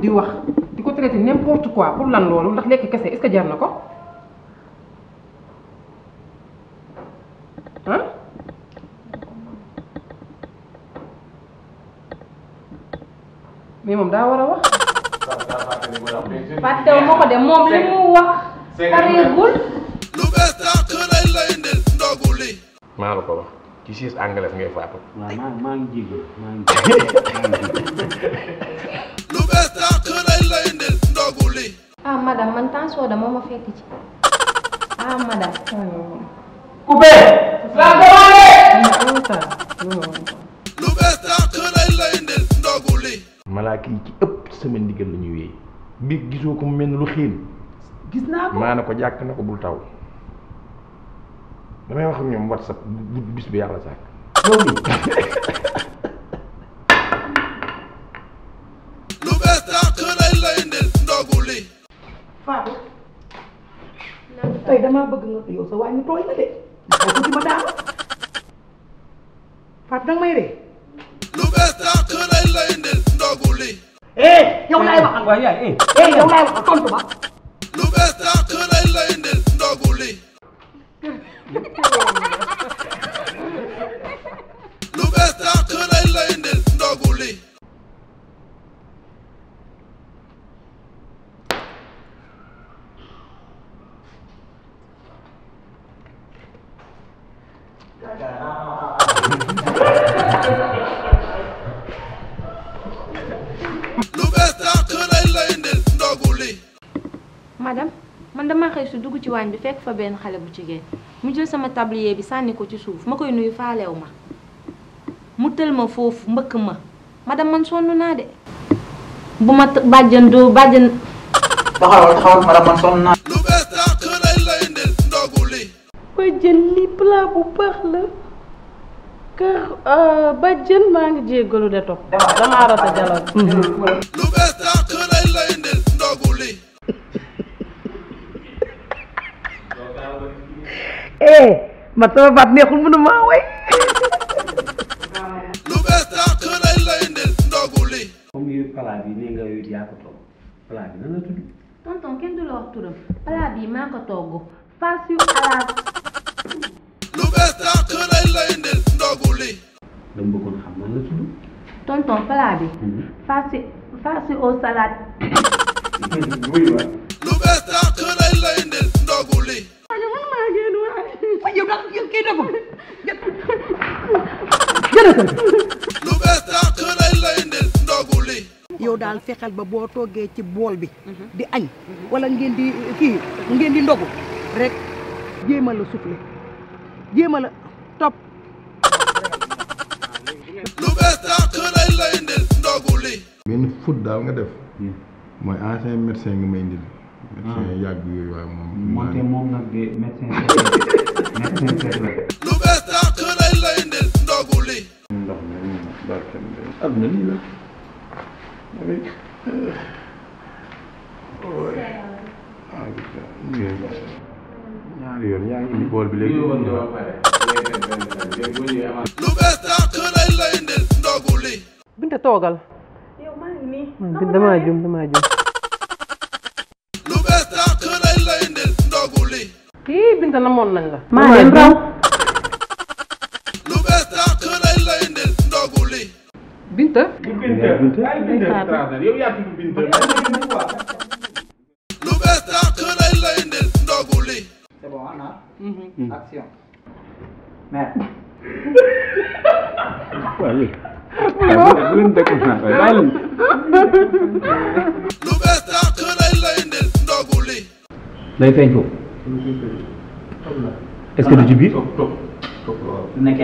di wax di ko traité n'importe quoi pour lan loolu ndax lekk kese est-ce jar na ko ah mais moom daa war a wax fàttew ma ko de moom li mu wax pareegul lu bees tàq lay lay ndel ndogu li maa ko wax ci siis anglais ngay faatu ah madame man tension da ah, malaaka yi ci ëpp semaine ndigal la ñuy wéy bi gisoo ko mu mel lu xiin. gis naa ko ko jàkk na ko bul taw. damay wax ñoom whatsapp bis bi yàlla sàkk. Fatou tey damaa bëgg nga yow sa waañ mu tooy na de boo ko ci ma daal Fatou danga may ree lu bees tàq lay la indil ndogu li eh yow laay waxal waaye yaay eh eh yow laay waxal tontu ma lu bees tàq lay la indil ndogu li ma man dama xëy su dugg ci waañ bi fekk fa benn xale bu jigéen mu jël sama tablier bi sànni ko ci suuf ma koy nuyu faalew ma mu tël ma foofu mbëkk ma madame man sonn naa de bu ma bàjjan doo bàjjan taxawal taxawal ma man sonn naa lu bàjjan li plat bu baax la kër bàjjan maa ngi jéggalu de topp damaa rata jaloot lu man sama baat neexul mënu maa way lu bees daa këray lay indil ndogu li comme yooyu palaat yi nee nga yooyu yaa ko togg palaat bi nan la tudd tonton kenn du la wax turam palaat bi maa ko togg fas yu alaat lu bees daa këray lay indil ndogu li dama bëggoon xam nan la tudd tonton palaat bi mhm. fas yu fas yu au salade lu bees daa këray lay indil ndogu li ngi def lu bees tàq lay lay indil ndogu yow daal fexeel ba boo toggee ci bool bi di añ wala ngeen di kii ngeen di ndogu rek jéema la soufflé jéema la topp lu bees tàq lay lay indil ndogu benn foot daal nga def hmm. mooy ancien médecin nga may indil ah. médecin yàgg yooyu waaye moom moom nag de médecin lu bees tàq lay lay ndil ndogu li ndox mi ngi indi bool bi toogal yow maa ngi nii hmm, damaa jum damaa jum hii Binta namoon nañ la. maa leen raw. lu bees dàq lay la indil ndogu li. Binta. lu bees dàq lay la indil ndogu li. c'est bon ana. Mhm. Mm-hmm. action. mère. lu bees dàq lay la indil ndogu li. day feeñ foofu. est-ce que du na.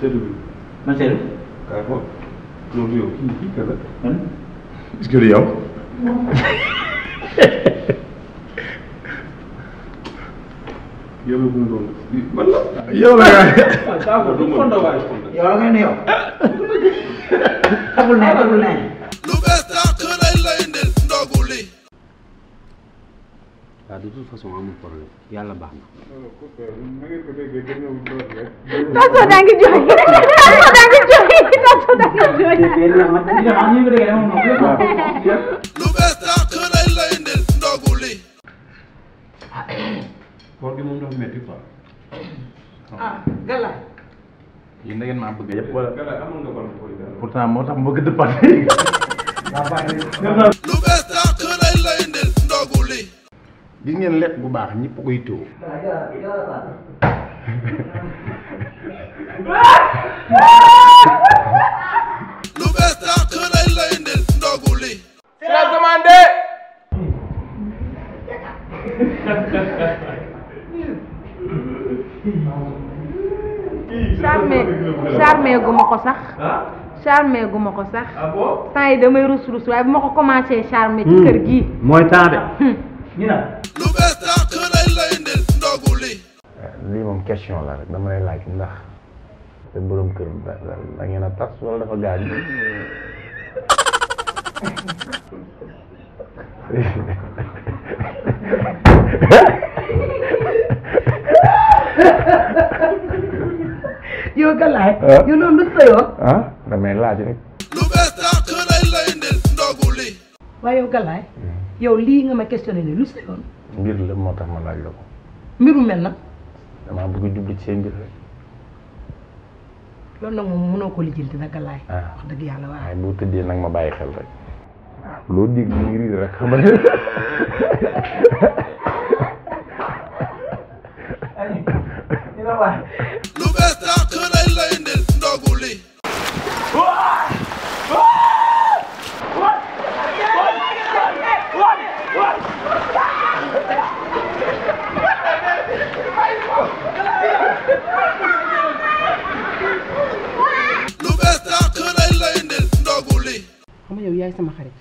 seetlu bi. man seetlu. kaay xool loolu yow de toute façon amul problème yàlla baax na. Tasso daa ngi jooy ah, maa bëgg yëpp wala. Gala moo tax mu bëgg dëppaat. lu bees dàq lay lay gis ngeen lekk bu baax ñëpp koy tëw gu ma ko sax charmé gu ma ko sax ah? ah temps yi damay rus rus waaye bu ma ko commencé charmé ci hmm. kër gi mooy temps lu bees dàq lay li lii moom question la rek dama lay laaj ndax te borom kër da da ngeen a tas wala dafa gaañ yow galaay ah. yow loolu lu sëyoo ah damay laaj rek lu bees dàq lay lay indil ndogu li waaye yow galaay hmm. yow lii nga ma questionné ne lu sëyoon mbir la moo tax ma laaj la ko. mbiru mel na. damaa bëgg jublu ci seen mbir rek. loolu nag moom mënoo ko lijjanti naka laay. Ah. wax dëgg yàlla waaye boo tëddee ma bàyyi xel rek. waaw loo dégg rek xam lu bees daa xëy lay ndel ndogu dimbali. xam yaay sama xarit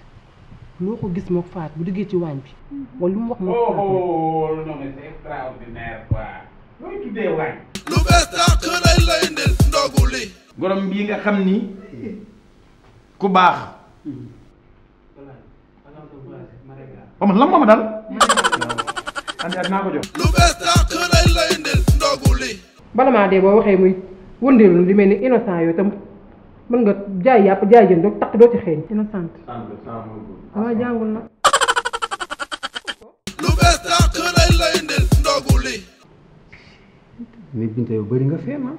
loo ko gis mook faat bu duggee ci waañ bi wala lu wax. mook faat oh, oh, lu nga xam ni ku baax. Oh, naa ko jox. lu bees daa xëy lay bala maa dee boo waxee muy wëndeelu li mel ni innocent yooyu tam. mën nga jaay yàpp jaay jën doog takk doo ci xeeñ. dina sant. dama ah, jàngul nag. lu bees daa xëray lay ndil ndogu li. Binta yow bëri fee ma.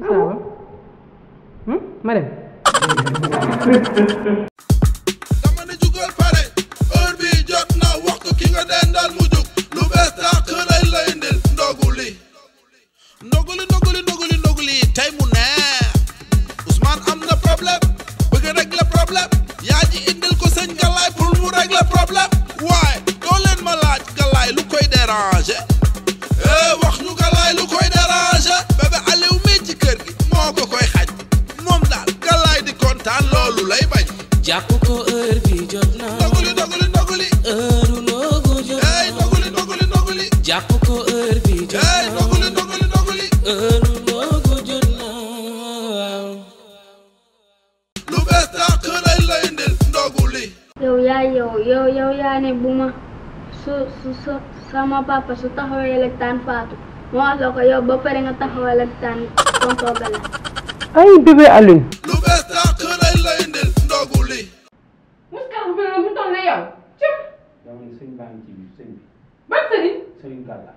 ça va. ma dem. jàpp ko heure bi jot na doguli doguli doguli heure googu jot na waaw lu bees tàq lay lay ndil ndoguli yow bu ma su sama papa su taxawee la taan faatu mu wax ko yow ba pare nga taxawee la taan tonton Bella ay bébé Aline lu bees tàq lay lay ndil ndoguli Moussa bu mel noonu Serigne Galla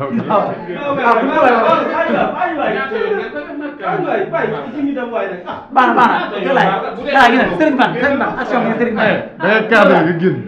baana baana Galaye Galaye gis nga Serigne Ban Serigne Ban action bi Serigne Ban.